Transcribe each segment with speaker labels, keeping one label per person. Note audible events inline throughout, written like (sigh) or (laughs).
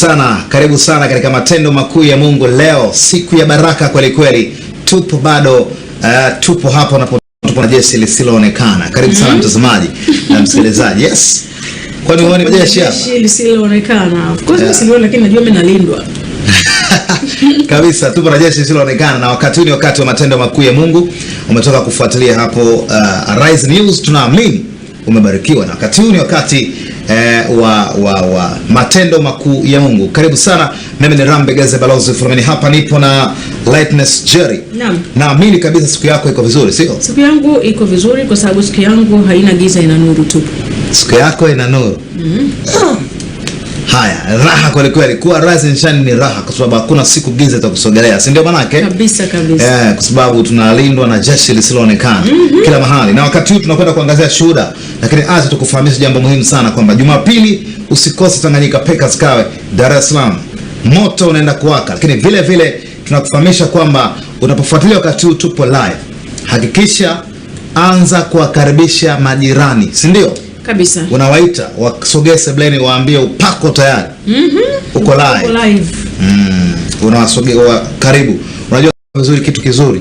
Speaker 1: sana, karibu sana katika matendo makuu ya Mungu leo, siku ya baraka kweli kweli. Tupo bado uh, tupo hapo na tupo na jeshi lisiloonekana. Karibu sana mhm. mtazamaji na (laughs) msikilizaji. Yes, kwani uone jeshi hapa
Speaker 2: lisiloonekana? Of course lisiloonekana, lakini najua mimi nalindwa
Speaker 1: (laughs) kabisa tupo na jeshi lisiloonekana, na wakati huu ni wakati wa matendo makuu ya Mungu. Umetoka kufuatilia hapo uh, eh, rise News, tunaamini umebarikiwa, na wakati huu ni wakati eh, wa, wa, wa matendo makuu ya Mungu. Karibu sana, mimi ni Rambe Geze Balozi Furumeni, hapa nipo na Lightness Jerry. Naam. Naamini kabisa siku yako iko vizuri, sio?
Speaker 2: Siku yangu iko vizuri kwa sababu siku yangu haina giza, ina nuru tu.
Speaker 1: Siku yako ina nuru. Mm -hmm. Haya, raha kweli kweli, kuwa Rise and Shine ni raha, kwa sababu hakuna siku giza itakusogelea, si ndio? Manake
Speaker 2: kabisa kabisa,
Speaker 1: eh, kwa sababu tunalindwa na jeshi lisiloonekana mm -hmm. kila mahali, na wakati huu tunakwenda kuangazia shuhuda, lakini acha tukufahamisha jambo muhimu sana kwamba Jumapili usikose Tanganyika Packers Kawe, Dar es Salaam, moto unaenda kuwaka, lakini vile vile tunakufahamisha kwamba unapofuatilia wakati huu tupo live, hakikisha anza kuwakaribisha majirani, si ndio? kabisa, Unawaita wasogee sebleni, waambie upako tayari mm -hmm. uko live mm. unawasogea karibu. Unajua vizuri kitu kizuri,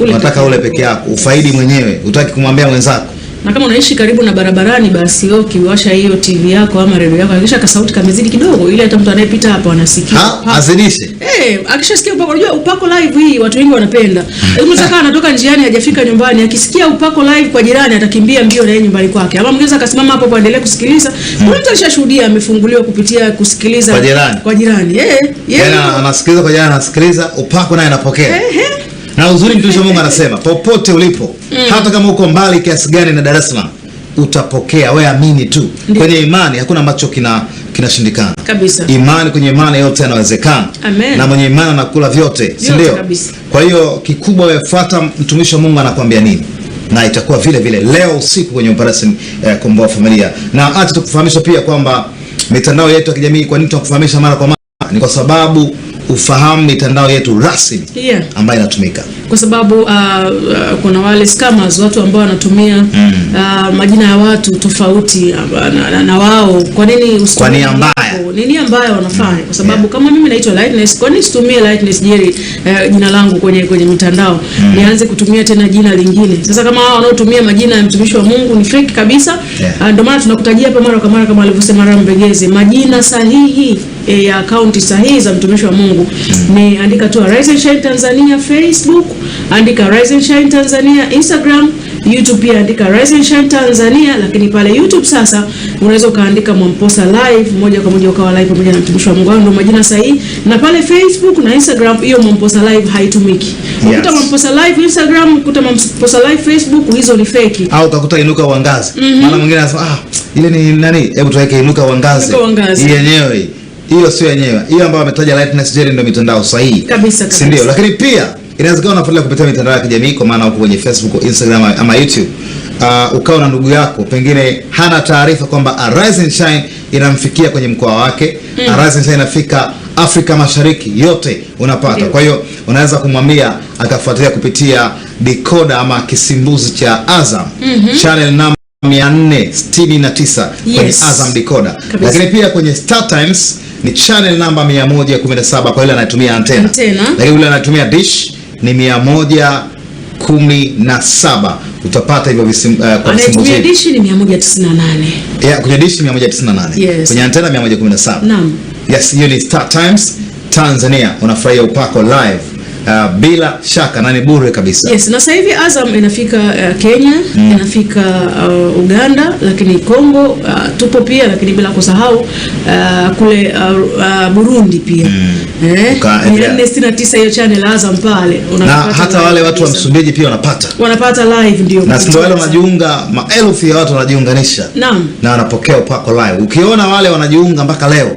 Speaker 1: unataka ule peke yako ufaidi mwenyewe, utaki kumwambia mwenzako
Speaker 2: na kama unaishi karibu na barabarani, basi wewe ukiwasha hiyo TV yako ama redio yako, hakikisha ka sauti kamezidi kidogo, ili hata mtu anayepita hapo anasikia. ha, Azidishe eh, hey, akishasikia upako. Unajua upako live hii watu wengi
Speaker 1: wanapenda. Hmm.
Speaker 2: Hebu mtaka anatoka
Speaker 1: njiani, hajafika nyumbani, akisikia upako live kwa jirani, atakimbia mbio na yeye nyumbani kwake, ama mgeza akasimama hapo kuendelea kusikiliza. Hmm. Kuna mtu alishashuhudia amefunguliwa kupitia kusikiliza kwa jirani, kwa jirani eh, yeye eh. anasikiliza kwa jirani, anasikiliza upako naye anapokea. hey, hey. Na uzuri mtumishi wa Mungu anasema popote ulipo mm. hata kama uko mbali kiasi gani na Dar es Salaam utapokea, wewe amini tu. Ndi. Kwenye imani hakuna macho kina kinashindikana kabisa. Imani, kwenye imani yote yanawezekana, na mwenye imani anakula vyote, si ndio? Kwa hiyo kikubwa wewe fuata mtumishi wa Mungu anakuambia nini na itakuwa vile vile
Speaker 2: leo usiku kwenye operesheni eh, komboa familia. Na acha tukufahamisha pia kwamba mitandao yetu ya kijamii, kwa nini tunakufahamisha mara kwa mara, ni kwa sababu ufahamu mitandao yetu
Speaker 1: rasmi yeah,
Speaker 2: ambayo inatumika kwa sababu uh, uh, kuna wale scammers watu ambao wanatumia mm, uh, majina ya watu tofauti uh, na, na, na wao. Kwa nini kwa nia mbaya, nini ambayo wanafanya? Mm. Kwa sababu yeah, kama mimi naitwa Lightness, kwa nini situmie Lightness Jerry uh, jina langu kwenye kwenye mitandao mm, nianze kutumia tena jina lingine? Sasa kama hao wanaotumia majina ya mtumishi wa Mungu ni fake kabisa, yeah, uh, ndio maana tunakutajia hapa mara kwa mara kama alivyosema Rambegeze, majina sahihi e, ya akaunti sahihi za mtumishi wa Mungu hmm. ni andika tu Rise and Shine Tanzania Facebook, andika Rise and Shine Tanzania Instagram, YouTube pia andika Rise and Shine Tanzania. Lakini pale YouTube sasa unaweza ukaandika Mwamposa live
Speaker 1: moja kwa moja ukawa live pamoja na mtumishi wa Mungu, ndio majina sahihi. Na pale Facebook na Instagram hiyo Mwamposa live haitumiki. Ukuta yes. Mwamposa live Instagram, ukuta Mwamposa live Facebook, hizo ni fake, au utakuta Inuka Uangaze. Mhm. Maana mwingine anasema ah, ile ni nani, hebu tuweke Inuka Uangaze yenyewe hiyo sio yenyewe hiyo ambayo ametaja Lightness Jerry ndio mitandao sahihi kabisa kabisa, si ndio? Lakini pia inawezekana unafuatilia kupitia mitandao ya kijamii kwa maana uko kwenye Facebook au Instagram ama YouTube, uh, ukawa na ndugu yako pengine hana taarifa kwamba Arise and Shine inamfikia kwenye mkoa wake mm. Arise and Shine inafika Afrika Mashariki yote unapata Ndiyo. Kwa hiyo unaweza kumwambia akafuatilia kupitia decoder ama kisimbuzi cha Azam mm -hmm. channel number 469 yes. kwenye Azam decoder, lakini pia kwenye Star
Speaker 2: Times ni channel namba 117
Speaker 1: kwa yule anatumia antena, lakini yule anatumia dish ni 117. Utapata hivyo eh, kwa kwenye dish ni 198,
Speaker 2: kwenye dish 198, kwenye antena 117. Naam, yes, hiyo ni Star Times Tanzania. Unafurahia upako live uh, bila shaka na ni bure kabisa. Yes, na sasa hivi Azam inafika uh, Kenya mm. inafika
Speaker 1: uh, Uganda, lakini Kongo uh,
Speaker 2: tupo pia, lakini bila
Speaker 1: kusahau uh, kule uh, uh, Burundi pia mm. eh, eh hiyo channel Azam pale na hata wale watu wa Msumbiji pia wanapata wanapata live, ndio na sio wale wanajiunga, maelfu ya watu wanajiunganisha, naam, na wanapokea upako live. Ukiona wale wanajiunga mpaka leo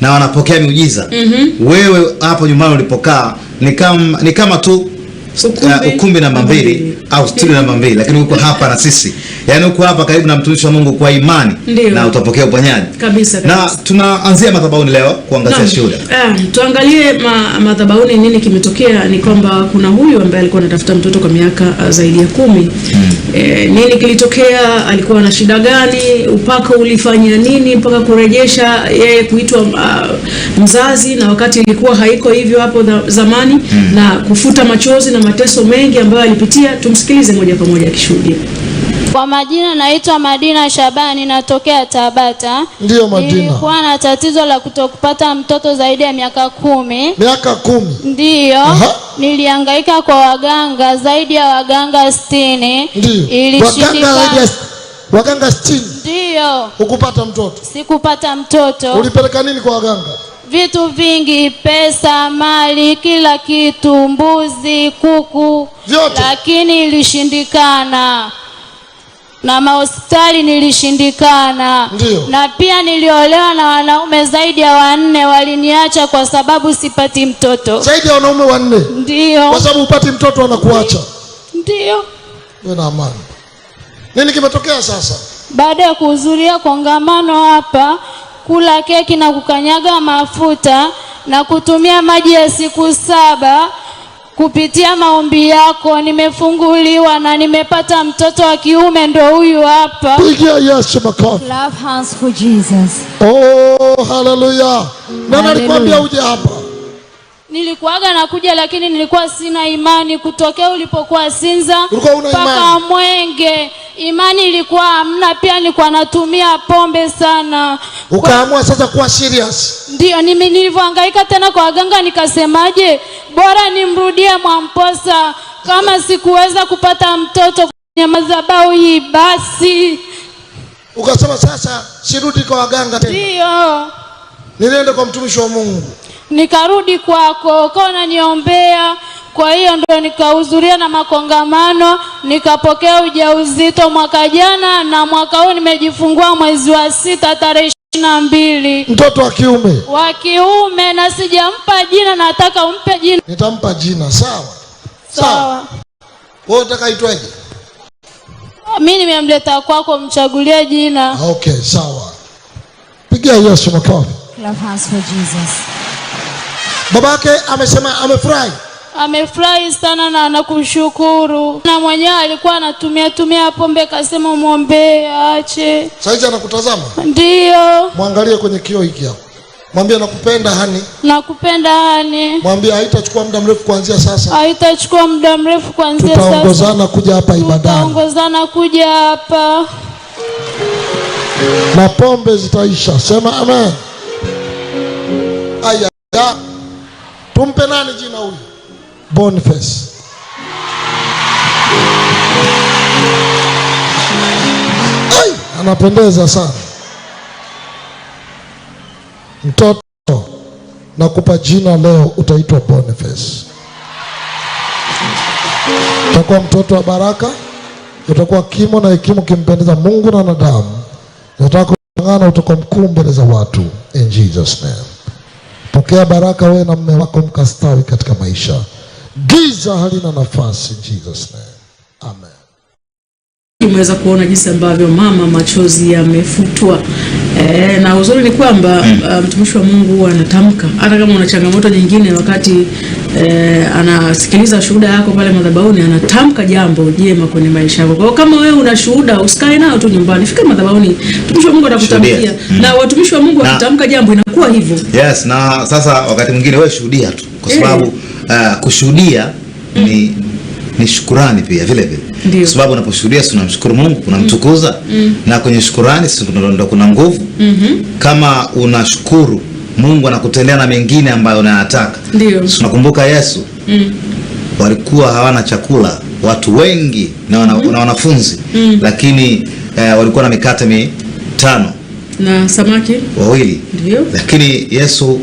Speaker 1: na wanapokea miujiza mm -hmm. Wewe hapo nyumbani ulipokaa ni kama, ni kama tu So, uh,
Speaker 2: ukumbi namba mbili au studio namba mbili, lakini uko hapa na sisi, yaani uko hapa karibu na mtumishi wa Mungu kwa imani. Ndiyo. na utapokea uponyaji kabisa, kabisa. Na tunaanzia madhabahuni leo kuangazia shuhuda uh, tuangalie ma, madhabahuni nini kimetokea. Ni kwamba kuna huyu ambaye alikuwa anatafuta mtoto kwa miaka uh, zaidi ya kumi hmm. E, nini kilitokea? Alikuwa na shida gani? Upako ulifanya nini mpaka kurejesha
Speaker 3: yeye kuitwa uh, mzazi, na wakati ilikuwa haiko hivyo hapo zamani hmm. na kufuta machozi na na mateso mengi ambayo alipitia. Tumsikilize moja kwa moja akishuhudia. Kwa majina naitwa Madina Shabani, natokea Tabata.
Speaker 1: Ndiyo Madina. Nilikuwa na tatizo la kutokupata mtoto zaidi ya miaka kumi. Miaka
Speaker 3: kumi. Ndiyo. Aha.
Speaker 1: Nilihangaika kwa
Speaker 3: waganga zaidi ya waganga sitini. Ndiyo. Ilishindikana. Waganga sitini. Ndiyo. Ukupata mtoto. Sikupata mtoto. Ulipeleka nini kwa waganga? vitu vingi, pesa, mali, kila kitu, mbuzi, kuku vyote, lakini ilishindikana na
Speaker 1: mahospitali nilishindikana. Ndiyo. Na pia niliolewa na wanaume zaidi ya wanne,
Speaker 3: waliniacha kwa sababu sipati mtoto. Zaidi ya wanaume wanne? Ndio. Kwa sababu upati mtoto anakuacha Ndio. Wewe na amani. Nini kimetokea sasa? Baada ya kuhudhuria kongamano hapa kula keki na kukanyaga
Speaker 1: mafuta na
Speaker 3: kutumia maji ya siku
Speaker 1: saba. Kupitia maombi yako nimefunguliwa
Speaker 3: na nimepata mtoto wa kiume, ndo huyu hapa. Pigia Yesu makofi. Love hands for Jesus. Oh, haleluya. Nani alikwambia uje hapa? Nilikuwaga
Speaker 1: nakuja lakini nilikuwa sina
Speaker 3: imani. Kutokea ulipokuwa Sinza mpaka Mwenge Imani ilikuwa hamna, pia nilikuwa natumia pombe sana. Ukaamua sasa kuwa serious? Ndio,
Speaker 1: nilivyohangaika tena kwa waganga, nikasemaje,
Speaker 3: bora nimrudie
Speaker 1: Mwamposa.
Speaker 3: Kama sikuweza kupata mtoto kwenye madhabahu hii, basi ukasema sasa sirudi kwa waganga tena. Ndio, nilienda kwa mtumishi wa Mungu, nikarudi kwako, uko unaniombea kwa hiyo ndo nikahudhuria na makongamano nikapokea
Speaker 1: ujauzito mwaka jana,
Speaker 3: na mwaka huu nimejifungua
Speaker 1: mwezi wa sita tarehe
Speaker 3: na mbili mtoto wa kiume wa kiume, na
Speaker 1: sijampa jina, nataka umpe jina. Nitampa jina
Speaker 3: sawa sawa.
Speaker 1: Wewe unataka itwaje?
Speaker 3: Mimi nimemleta kwako, mchagulie jina. Okay, sawa, pigia Yesu makofi. Love for Jesus. Babake amesema
Speaker 1: amefurahi amefurahi sana na anakushukuru,
Speaker 3: na mwenyewe alikuwa
Speaker 1: anatumia tumia pombe, akasema
Speaker 3: mwombee aache. Saizi
Speaker 1: anakutazama, ndio
Speaker 3: Mwangalie kwenye kioo hiki hapo, mwambie nakupenda hani,
Speaker 1: nakupenda hani. Mwambie haitachukua muda mrefu kuanzia sasa, haitachukua muda mrefu kuanzia sasa, tutaongozana kuja hapa ibada, tutaongozana kuja hapa na pombe zitaisha. Sema amen. Aya, tumpe nani jina huyu? Boniface. Ai, anapendeza sana mtoto. Nakupa jina leo, utaitwa Boniface. Utakuwa mtoto wa baraka, utakuwa kimo na hekima, ukimpendeza Mungu na wanadamu, utakuangana, utakuwa mkuu mbele za watu. In Jesus name, pokea baraka wewe na mume wako, mkastawi katika maisha. Giza halina nafasi in Jesus name. Amen.
Speaker 2: Umeweza kuona jinsi ambavyo mama machozi yamefutwa. E, na uzuri ni kwamba hmm. uh, mtumishi wa Mungu huwa anatamka hata kama una changamoto nyingine, wakati e, anasikiliza shuhuda yako pale madhabahuni, anatamka jambo jema kwenye maisha yako. Kwa hiyo kama wewe una shuhuda, usikae nayo tu nyumbani, fika madhabahuni, mtumishi wa Mungu atakutamkia mm. na watumishi wa Mungu wakitamka jambo inakuwa hivyo.
Speaker 1: Yes, na sasa wakati mwingine wewe shuhudia tu, kwa eh. sababu e. uh, kushuhudia mm. ni, ni shukurani pia vile vile Sababu unaposhuhudia si unamshukuru Mungu, unamtukuza mm. Mm-hmm. na kwenye shukurani si ndio kuna nguvu mm -hmm. kama unashukuru Mungu anakutendea na mengine ambayo unayataka. Ndio. Tunakumbuka Yesu mm. walikuwa hawana chakula watu wengi na, wana, mm -hmm. na wanafunzi mm. lakini eh, walikuwa na mikate mitano
Speaker 2: na samaki wawili. Ndio.
Speaker 1: Lakini Yesu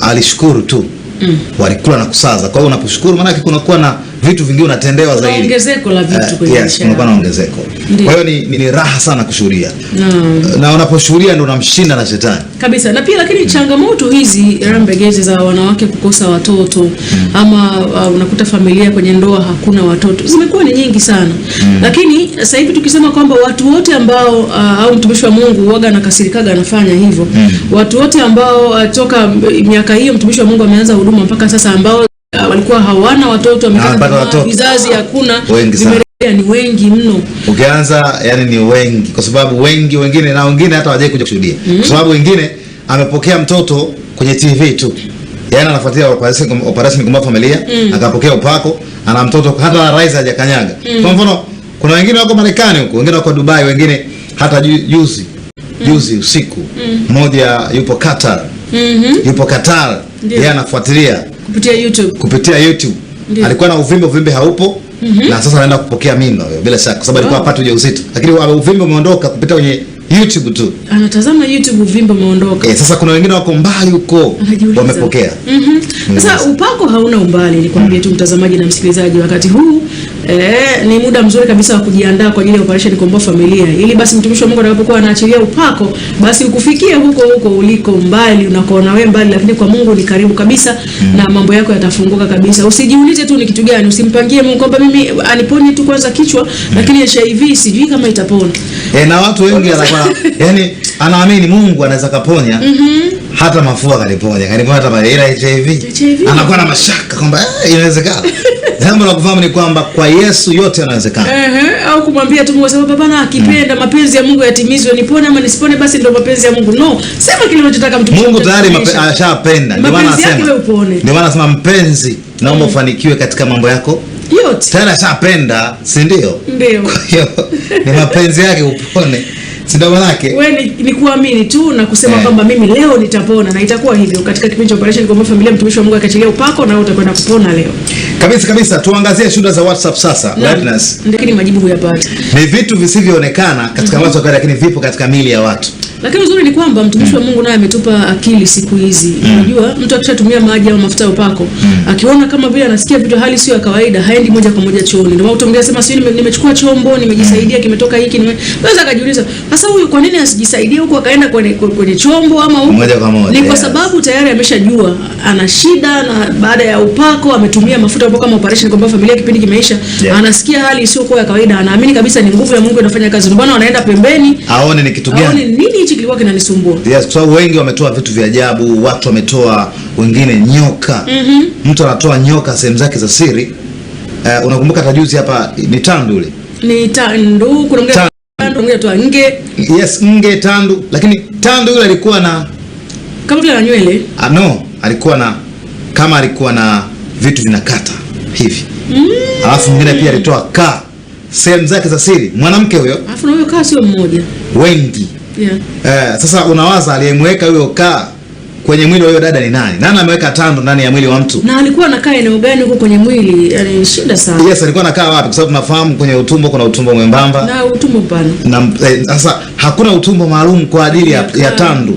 Speaker 1: alishukuru tu mm. walikula na kusaza. Kwa hiyo unaposhukuru maana yake kunakuwa na vitu vingine unatendewa zaidi,
Speaker 2: ongezeko la vitu eh, kwenye
Speaker 1: uh, yes, kunakuwa na ongezeko. Kwa hiyo ni, ni, ni raha sana kushuhudia mm. na unaposhuhudia ndio unamshinda na shetani
Speaker 2: kabisa. Na pia lakini mm. changamoto hizi rambegezi eh, za wanawake kukosa watoto mm. ama uh, unakuta familia kwenye ndoa hakuna watoto zimekuwa ni nyingi sana mm. lakini eh, sasa hivi tukisema kwamba watu wote ambao uh, au mtumishi wa Mungu huaga na kasirikaga anafanya hivyo mm. watu wote ambao uh, toka miaka hiyo mtumishi wa Mungu ameanza huduma mpaka sasa ambao walikuwa hawana watoto,
Speaker 1: wamekata
Speaker 2: vizazi, hakuna
Speaker 1: vimerejea
Speaker 2: ni wengi mno,
Speaker 1: ukianza yani ni wengi, kwa sababu wengi wengine na wengine hata hawajai kuja kushuhudia mm -hmm. kwa mhm. sababu wengine amepokea mtoto kwenye TV tu, yani anafuatia operation kwa familia mm. akapokea upako, ana mtoto hata rais hajakanyaga mm. kwa mfano, kuna wengine wako Marekani huko, wengine wako Dubai, wengine hata juzi mhm. juzi usiku mhm. mmoja mm. yupo Qatar mm -hmm. yupo Qatar, yeye yeah. anafuatilia yeah,
Speaker 2: kupitia YouTube,
Speaker 1: kupitia YouTube. Ndiyo. Alikuwa na uvimbe, uvimbe haupo mm -hmm. na sasa anaenda kupokea mimba bila shaka, kwa sababu alikuwa wow. apata ujauzito, lakini uvimbe umeondoka kupitia kwenye YouTube tu
Speaker 2: anatazama YouTube, uvimbe umeondoka.
Speaker 1: Eh, sasa kuna wengine wako mbali huko wamepokea. Mhm. mm
Speaker 2: -hmm. Sasa upako hauna umbali, nikwambie tu mtazamaji na msikilizaji, wakati huu eh, ni muda mzuri kabisa wa kujiandaa kwa ajili ya operation kukomboa familia, ili basi mtumishi wa Mungu anapokuwa anaachilia upako, basi ukufikie huko huko uliko mbali, unakoona wewe mbali, lakini kwa Mungu ni karibu kabisa mm. na mambo yako yatafunguka kabisa. Usijiulize tu ni kitu gani, usimpangie Mungu kwamba mimi aniponi tu kwanza kichwa mm. lakini HIV sijui kama itapona.
Speaker 1: Eh, na watu wengi anakuwa (laughs) yani anaamini Mungu anaweza kaponya mm -hmm hata mafua kaliponya kaliponya hata malaria HIV, HIV anakuwa na mashaka kwamba eh, inawezekana. (laughs) Jambo la kufahamu ni kwamba kwa Yesu yote yanawezekana.
Speaker 2: Eh, au kumwambia tu kwa sababu bana akipenda mm, mapenzi ya Mungu yatimizwe, nipone ama nisipone, basi ndio mapenzi ya Mungu. No, sema kile unachotaka mtu.
Speaker 1: Mungu tayari ashapenda.
Speaker 2: Ndio maana anasema. Ndio
Speaker 1: maana anasema mpenzi, naomba mm, ufanikiwe katika mambo yako yote. Tayari ashapenda, si ndio?
Speaker 2: Ndio. Kwa hiyo
Speaker 1: ni mapenzi yake upone. (laughs) si dawa lake.
Speaker 2: Wewe ni kuamini tu na kusema eh. kwamba mimi leo nitapona na itakuwa hivyo. Katika kipindi cha operation kwa familia, mtumishi wa Mungu akachilia upako na utakwenda kupona leo.
Speaker 1: Kabisa kabisa, tuangazie shuda za WhatsApp sasa. Lightness.
Speaker 2: Lakini majibu huyapati.
Speaker 1: Ni vitu visivyoonekana katika mm -hmm. watu lakini vipo katika mili ya watu.
Speaker 2: Lakini uzuri ni kwamba mtumishi wa Mungu naye ametupa akili siku hizi. Mm. Unajua mm. mtu akishatumia maji au mafuta ya upako, mm. akiona kama vile anasikia vitu hali sio ya kawaida, haendi moja kwa moja chooni. Ndio watu wengine sema sio nimechukua chombo, nimejisaidia mm. kimetoka hiki, nime nimeweza kujiuliza sasa huyu kwa nini asijisaidie huko akaenda kwenye kwenye chombo ama huko?
Speaker 1: Moja kwa moja.
Speaker 2: Ni kwa sababu tayari ameshajua ana shida na baada ya upako ametumia mafuta upako kama operation kwamba familia kipindi kimeisha, yeah. Anasikia hali sio kwa ya kawaida, anaamini kabisa ni nguvu ya Mungu inafanya kazi. Ndio Mbona anaenda pembeni?
Speaker 1: Aone ni kitu gani?
Speaker 2: Aone nini hichi kilikuwa kinanisumbua.
Speaker 1: Yes, kwa sababu wengi wametoa vitu vya ajabu, watu wametoa wengine nyoka. mm -hmm. Mtu anatoa nyoka sehemu zake za siri. Uh, unakumbuka tajuzi hapa ni tandu ule.
Speaker 2: ni tandu, kuna mgeni tandu mgeni toa nge.
Speaker 1: Yes, nge tandu, lakini tandu yule alikuwa na
Speaker 2: kama vile na nywele
Speaker 1: ah, no, alikuwa na kama alikuwa na vitu vinakata hivi mm. Alafu mwingine pia alitoa kaa sehemu zake za siri, mwanamke huyo.
Speaker 2: Alafu na huyo kaa sio mmoja,
Speaker 1: wengi Yeah. Eh, sasa unawaza aliyemweka huyo kaa kwenye mwili wa huyo dada ni nani? Nani ameweka tando ndani ya mwili wa mtu?
Speaker 2: Na alikuwa anakaa eneo gani huko kwenye mwili? Yaani shida sana.
Speaker 1: Yes, alikuwa anakaa wapi? Kwa sababu tunafahamu kwenye utumbo kuna utumbo mwembamba.
Speaker 2: Na utumbo pana.
Speaker 1: Na eh, sasa hakuna utumbo maalum kwa ajili ya, ya, ya tando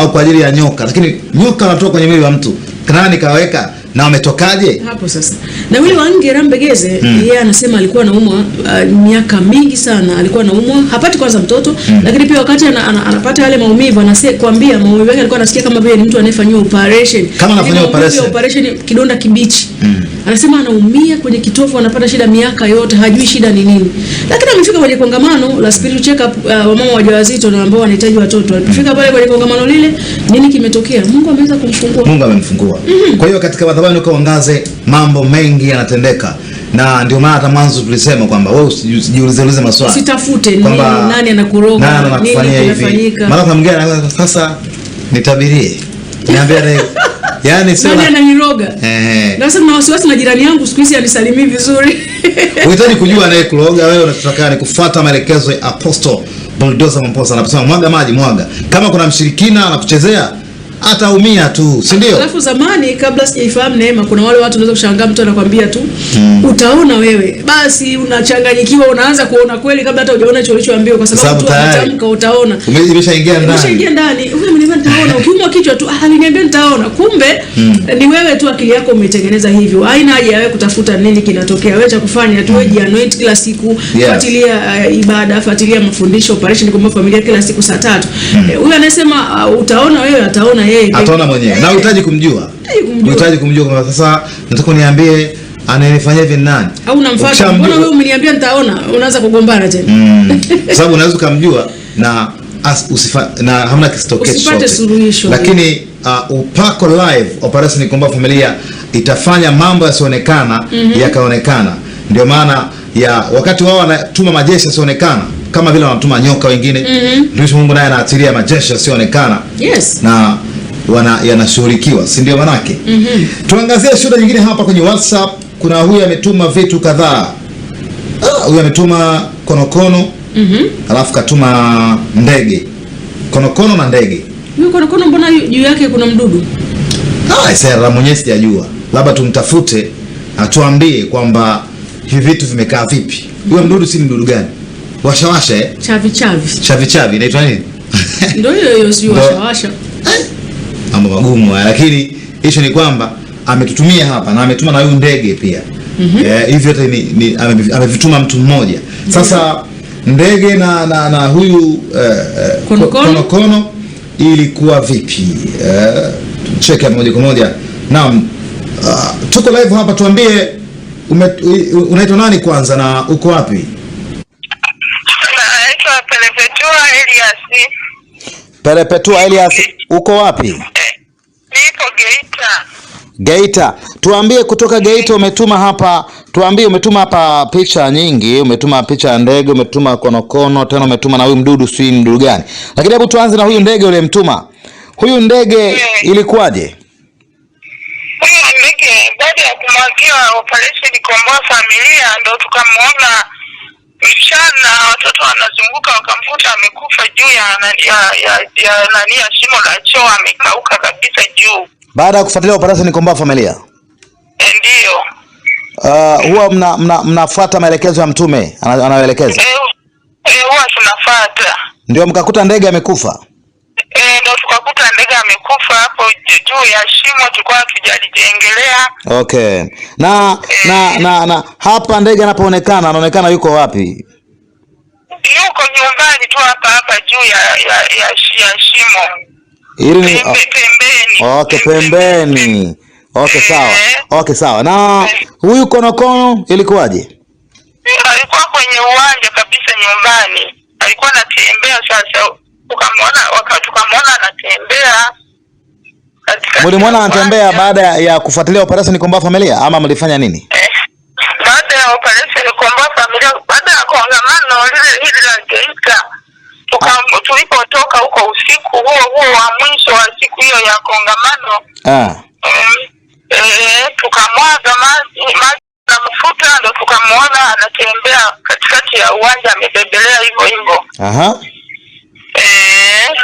Speaker 1: au kwa ajili ya nyoka. Lakini nyoka anatoka kwenye mwili wa mtu. Nani kaweka? na wametokaje
Speaker 2: hapo sasa? Na yule wa Wangera Rambegeze mm. yeye anasema alikuwa anaumwa uh, miaka mingi sana alikuwa anaumwa, hapati kwanza mtoto mm. lakini pia wakati ana, ana, anapata yale maumivu anasema anakwambia maumivu yake alikuwa anasikia kama vile ni mtu anayefanyiwa operation,
Speaker 1: kama anafanywa operation,
Speaker 2: operation kidonda kibichi mm. anasema anaumia kwenye kitovu, anapata shida miaka yote, hajui shida ni nini, lakini amefika kwenye kongamano la spiritual check up uh, mama wajawazito na ambao wanahitaji watoto. Alipofika hmm. pale kwenye kongamano lile, nini kimetokea? Mungu ameweza kumfungua,
Speaker 1: Mungu amemfungua. mm -hmm. kwa hiyo katika Maktabani ukaangaze, mambo mengi yanatendeka, na ndio maana hata mwanzo tulisema kwamba wewe usijiulize ulize maswali,
Speaker 2: usitafute nini, nani anakuroga,
Speaker 1: nani anakufanyia hivi. Maana kama mgeni anaweza sasa, nitabirie niambia naye (laughs) Yani sema nani
Speaker 2: ananiroga? Eh. Na sasa na wasiwasi na jirani yangu siku hizi anisalimii vizuri.
Speaker 1: Unahitaji (laughs) kujua naye kuroga wewe unataka ni kufuata maelekezo ya Apostle Bulldozer Mamposa anaposema mwaga maji mwaga. Kama kuna mshirikina anakuchezea ataumia tu, si ndio?
Speaker 2: Alafu zamani, kabla sijaifahamu Neema, kuna wale watu unaweza kushangaa, mtu anakwambia tu mm. utaona wewe, basi unachanganyikiwa, unaanza kuona kweli kabla hata hujaona hicho ulichoambiwa, kwa sababu tu unatamka utaona,
Speaker 1: umeshaingia ndani,
Speaker 2: umeshaingia ndani, wewe umeniambia nitaona, ukiumwa kichwa tu, ah, aliniambia nitaona, kumbe mm. ni wewe tu, akili yako umetengeneza hivyo. Haina haja wewe kutafuta nini kinatokea, wewe cha kufanya tu, wewe hmm. anoint kila siku yes. fuatilia uh, ibada, fuatilia mafundisho, operation kwa familia kila siku saa tatu. Hmm. Eh, huyu mm. anasema uh, ah, utaona wewe, ataona yeye,
Speaker 1: ataona mwenyewe na uhitaji kumjua, uhitaji kumjua kwamba sasa nataka niambie ananifanyia hivi nani,
Speaker 2: au unamfuata? Mbona wewe umeniambia nitaona, unaanza kugombana tena mm.
Speaker 1: (laughs) sababu unaweza ukamjua na as, usifa, na hamna kistoketi
Speaker 2: usipate suluhisho,
Speaker 1: lakini uh, upako live operation ikomba familia itafanya mambo yasionekana mm -hmm. yakaonekana. Ndio maana ya wakati wao wanatuma majeshi yasionekana kama vile wanatuma nyoka wengine. mm -hmm. Mtumishi Mungu naye anaatilia majeshi yasionekana. Yes, na yanashughulikiwa, si ndio? Manake mm -hmm. Tuangazie shuhuda nyingine hapa kwenye WhatsApp. Kuna huyu ametuma vitu kadhaa, oh. huyu ametuma konokono mm -hmm. alafu katuma ndege, konokono na ndege.
Speaker 2: Huyu konokono mbona juu yake kuna mdudu?
Speaker 1: Ah, sera mwenyewe sijajua, labda tumtafute atuambie kwamba hivi vitu vimekaa vipi. Huyo mm -hmm. mdudu si mdudu gani? Washawasha eh?
Speaker 2: Chavi chavi.
Speaker 1: Chavi chavi inaitwa nini?
Speaker 2: Ndio hiyo hiyo, si washawasha. Eh?
Speaker 1: mambo magumu, lakini hicho ni kwamba ametutumia hapa na ametuma na huyu ndege pia mm -hmm. Eh, hivyo yote ni, ni amevituma mtu mmoja sasa ndege na, na, na huyu eh,
Speaker 2: konokono eh, kono
Speaker 1: ilikuwa vipi? Eh, cheke moja kwa moja naam. Uh, tuko live hapa, tuambie unaitwa nani kwanza na uko wapi?
Speaker 4: Perpetua Elias.
Speaker 1: Perpetua Elias, uko wapi? Geita, tuambie kutoka Geita umetuma hapa, tuambie umetuma hapa picha nyingi, umetuma picha ya ndege, umetuma konokono, tena umetuma na huyu mdudu, si mdudu gani? Lakini hebu tuanze na huyu ndege uliyemtuma. Huyu ndege ilikuwaje?
Speaker 4: Huyu ndege baada ya kumwagia operation Komboa Familia, ndo tukamwona mchana watoto wanazunguka wakamkuta amekufa juu ya nani ya, ya, ya, ya, ya shimo la choo, amekauka kabisa juu
Speaker 1: baada ya kufuatilia operesheni Nikomboa Familia, ndio uh, huwa mna, mna, mnafuata maelekezo ya mtume anayoelekeza? Eh,
Speaker 4: eh, huwa tunafuata.
Speaker 1: Ndio mkakuta ndege amekufa?
Speaker 4: Eh, ndio tukakuta ndege amekufa hapo juu ya shimo, tulikuwa hatujalijengelea.
Speaker 1: Okay. Na, e, na na na hapa ndege anapoonekana anaonekana yuko wapi?
Speaker 4: Yuko nyumbani tu hapa hapa juu ya, ya, ya, ya shimo.
Speaker 1: Hili ni okay, pembeni. Okay, sawa. Eh. Okay, sawa. Na huyu konokono ilikuwaje?
Speaker 4: Eh, alikuwa kwenye uwanja kabisa nyumbani, alikuwa anatembea. Sasa ukamwona, tukamwona anatembea.
Speaker 1: Mlimwona anatembea baada ya kufuatilia operesheni kumbaa Familia ama mlifanya nini? Eh,
Speaker 4: baada ya operesheni tulipotoka tulipotoka huko usiku huo huo wa mwisho wa siku hiyo ya kongamano
Speaker 1: ah. E,
Speaker 4: e, tukamwaga maji maji na mfuta ndo tukamwona anatembea katikati ya uwanja amebebelea hivyo hivyo.
Speaker 1: Aha. E,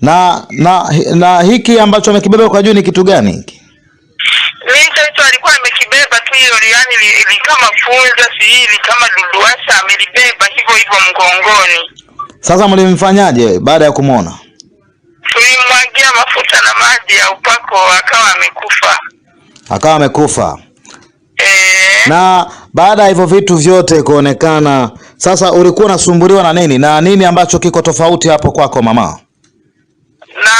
Speaker 1: na na na hiki ambacho amekibeba kwa juu ni kitu gani hiki?
Speaker 4: Mimi alikuwa amekibeba tu hiyo yani, li, li kama funza sijui kama duduasa amelibeba hivyo hivyo mgongoni.
Speaker 1: Sasa mlimfanyaje baada ya kumwona?
Speaker 4: Tulimwagia mafuta na maji ya upako akawa amekufa.
Speaker 1: Akawa amekufa. E... na baada ya hivyo vitu vyote kuonekana, sasa ulikuwa unasumbuliwa na nini na nini ambacho kiko tofauti hapo kwako mama?
Speaker 4: Na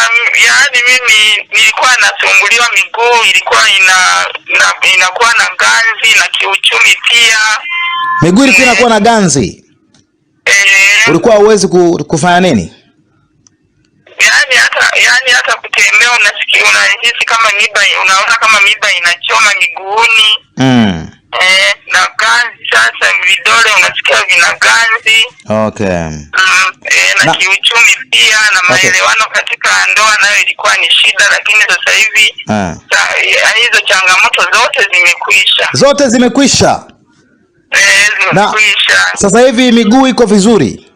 Speaker 4: yaani mimi nilikuwa nasumbuliwa, miguu ilikuwa ina, ina, inakuwa na ganzi na kiuchumi pia.
Speaker 1: Miguu ilikuwa inakuwa na ganzi Eh, ulikuwa huwezi kufanya nini?
Speaker 4: Yani hata yani hata kutembea unasikia unahisi kama miba, unaona kama miba inachoma miguuni mm. Eh, na ganzi sasa, vidole unasikia vina ganzi.
Speaker 1: Okay. Mm,
Speaker 4: eh, na, na kiuchumi pia na okay. Maelewano katika ndoa nayo ilikuwa ni shida, lakini sasa hivi eh. hizo changamoto zote zimekwisha,
Speaker 1: zote zimekwisha.
Speaker 4: Eh, na
Speaker 1: sasa hivi miguu iko vizuri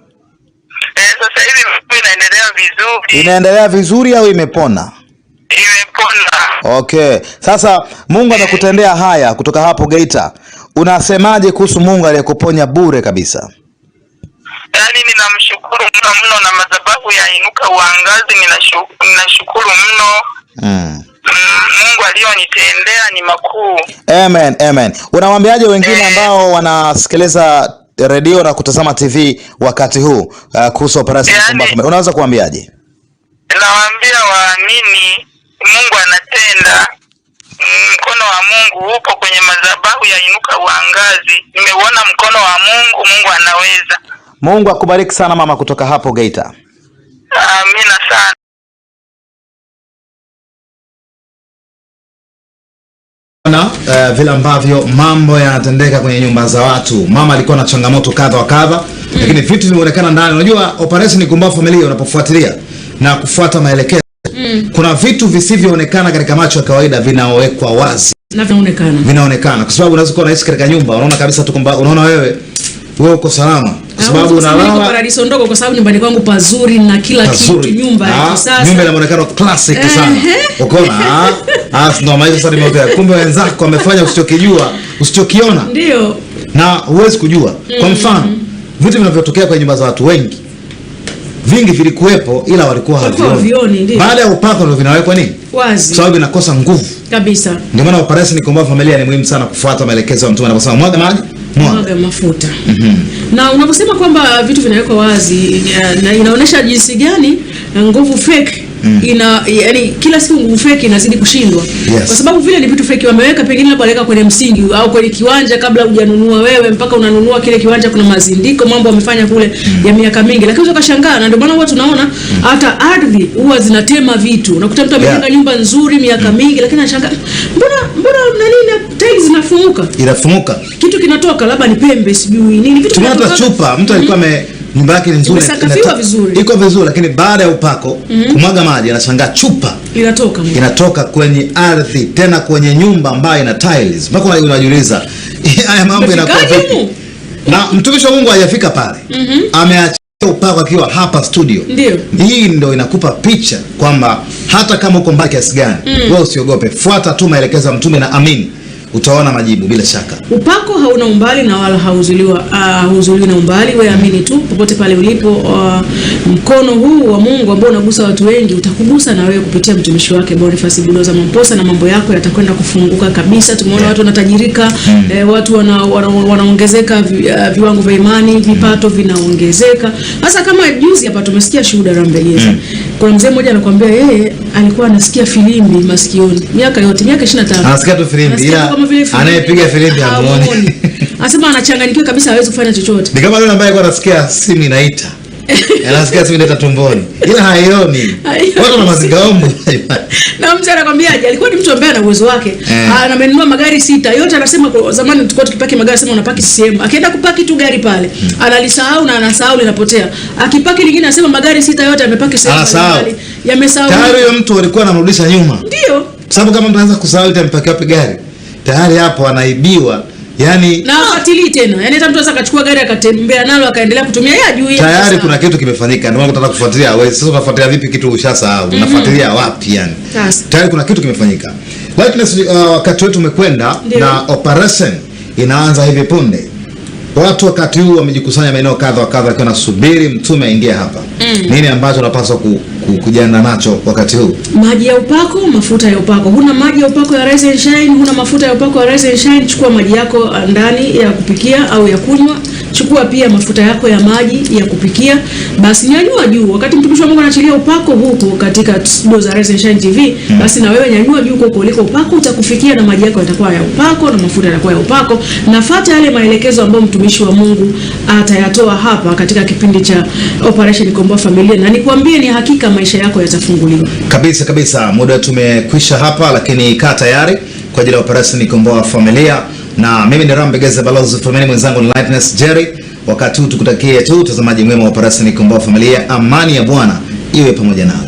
Speaker 4: e? Sasa hivi miguu inaendelea vizuri.
Speaker 1: Inaendelea vizuri au imepona?
Speaker 4: Imepona.
Speaker 1: Okay, sasa Mungu eh. amekutendea haya kutoka hapo Geita, unasemaje kuhusu Mungu aliyekuponya bure kabisa?
Speaker 4: Yaani ninamshukuru mno mno, na madhabahu yainuka uangazi, ninashukuru mno mm. Mungu aliyonitendea ni makuu.
Speaker 1: Amen, amen. Unawaambiaje wengine ambao wanasikiliza redio na kutazama TV wakati huu uh, kuhusu operesheni yani, yaani- unaweza kuambiaje?
Speaker 4: Nawaambia waamini Mungu anatenda, mkono wa Mungu upo kwenye madhabahu ya inuka uangazi. Nimeuona mkono wa Mungu, Mungu anaweza.
Speaker 1: Mungu akubariki sana mama, kutoka hapo Geita.
Speaker 4: Amina sana.
Speaker 1: umeona uh, eh, vile ambavyo mambo yanatendeka kwenye nyumba za watu. Mama alikuwa na changamoto kadha wa kadha mm. Lakini vitu vimeonekana ndani. Unajua operation ni kumbao familia unapofuatilia na kufuata maelekezo mm. Kuna vitu visivyoonekana katika macho ya kawaida vinawekwa wazi na vinaonekana, vinaonekana kwa sababu unaweza kuwa unaishi katika nyumba unaona kabisa tu kwamba unaona wewe wewe uko salama kwa sababu
Speaker 2: unalala paradiso ndogo, kwa sababu nyumbani kwangu pazuri na kila kitu, nyumba
Speaker 1: ya ah, kisasa, nyumba ina muonekano classic sana. Ukaona ah, ah ndo maisha sasa nimeotea. Kumbe wenzako wamefanya usichokijua, usichokiona, ndio na huwezi kujua. Kwa mm-hmm. mfano vitu vinavyotokea kwenye nyumba za watu wengi vingi vilikuwepo ila walikuwa
Speaker 2: havioni.
Speaker 1: Baada ya upako ndio vinawekwa nini wazi, sababu inakosa nguvu kabisa. Ndio maana operation ni kwamba familia ni muhimu sana kufuata maelekezo ya Mtume anaposema mwaga maji
Speaker 2: mwaga mafuta. mm -hmm. Na unaposema kwamba vitu vinawekwa wazi eh, na inaonyesha jinsi gani eh, nguvu fake Mm. Ina yani, kila siku nguvu feki inazidi kushindwa. Yes. Kwa sababu vile ni vitu feki wameweka, pengine labda waweka kwenye msingi au kwenye kiwanja kabla hujanunua wewe, mpaka unanunua kile kiwanja, kuna mazindiko, mambo wamefanya kule mm. ya miaka mingi, lakini ukashangaa. Na ndio maana huwa tunaona mm. hata mm. ardhi huwa zinatema vitu, unakuta mtu amejenga yeah. nyumba nzuri miaka mm. mingi, lakini anashangaa mbona mbona nani inafunguka inafunguka, kitu kinatoka, labda ni pembe, sijui nini,
Speaker 1: vitu hata chupa. Mtu alikuwa mm-hmm. ame nyumba yake ni nzuri,
Speaker 2: inasakafiwa vizuri,
Speaker 1: iko vizuri, lakini baada ya upako mm-hmm. kumwaga maji, anashangaa chupa inatoka mw. inatoka kwenye ardhi, tena kwenye nyumba ambayo ina tiles. Mpaka unajiuliza (laughs) haya mambo
Speaker 2: yanakuwa vipi?
Speaker 1: Na mtumishi wa Mungu hajafika pale mm-hmm. ameacha upako akiwa hapa studio. Ndio. Hii ndio inakupa picha kwamba hata kama uko mbali kiasi gani, mm. wewe usiogope, fuata tu maelekezo ya mtume na amini utaona majibu bila shaka.
Speaker 2: Upako hauna umbali na wala hauzuliwa, uh, hauzuliwi na umbali. Wewe amini tu, popote pale ulipo. Uh, mkono huu wa Mungu ambao unagusa watu wengi utakugusa na wewe kupitia mtumishi wake Boniface Buloza Mwamposa, na mambo yako yatakwenda kufunguka kabisa. Tumeona yeah. watu wanatajirika mm. eh, watu wanaongezeka, wana, wana vi, ah, viwango vya imani, hmm. vipato vinaongezeka. Sasa kama juzi hapa tumesikia shuhuda Rambeleza mm. kuna mzee mmoja anakuambia yeye alikuwa anasikia filimbi masikioni miaka yote, miaka 25
Speaker 1: anasikia tu filimbi vile anayepiga filimbi hamuoni.
Speaker 2: Anasema anachanganyikiwa kabisa, hawezi kufanya chochote.
Speaker 1: Ni kama yule ambaye alikuwa anasikia simu inaita (laughs) anasikia simu inaita tumboni, ila haioni. Watu (laughs) na mazingaombo
Speaker 2: na mzee mtu aje, Alikuwa ni mtu ambaye ana uwezo wake eh. Anamenunua ah, magari sita yote, anasema kwa zamani tulikuwa tukipaki magari, sema unapaki sehemu, akienda kupaki tu gari pale hmm. Analisahau na anasahau linapotea, akipaki lingine anasema magari sita yote amepaki sehemu, yamesahau
Speaker 1: tayari. Mtu alikuwa anamrudisha nyuma, ndio sababu kama mtu anaanza kusahau itampaki wapi gari tayari hapo anaibiwa yani,
Speaker 2: na wafuatilie tena yani, hata mtu sasa akachukua gari akatembea nalo akaendelea kutumia yeye ajui
Speaker 1: tayari kuna kitu kimefanyika, ndio maana unataka kufuatilia wewe. Sasa unafuatilia vipi kitu ushasahau? mm -hmm. Unafuatilia wapi yani? Tayari kuna kitu kimefanyika. lakini uh, wakati wetu umekwenda na operation inaanza hivi punde. Watu wakati huu wamejikusanya maeneo kadha wa kadha, wakiwa nasubiri mtume aingie hapa mm. Nini ambacho unapaswa ku, ku, kujiandaa nacho wakati huu?
Speaker 2: Maji ya upako, mafuta ya upako. Huna maji ya upako ya Rise and Shine, huna mafuta ya upako ya Rise and Shine, chukua maji yako ndani ya kupikia au ya kunywa Chukua pia mafuta yako ya maji ya kupikia. Basi nyanyua juu, wakati mtumishi wa Mungu anaachilia upako huko katika studio za Rise and Shine TV, hmm. basi na wewe nyanyua juu huko kuliko upako utakufikia, na maji yako yatakuwa ya upako na mafuta yatakuwa ya upako, na fuata yale maelekezo ambayo mtumishi wa Mungu atayatoa hapa katika kipindi cha Operation Komboa Familia, na nikwambie ni hakika maisha yako yatafunguliwa
Speaker 1: kabisa kabisa. Muda tumekwisha hapa, lakini kaa tayari kwa ajili ya Operation Komboa Familia na mimi ni Rambegeza balozi familia mwenzangu ni Lightness Jerry. Wakati huu tukutakie tu utazamaji mwema wa parasini kumbao Familia, amani ya Bwana iwe pamoja nao.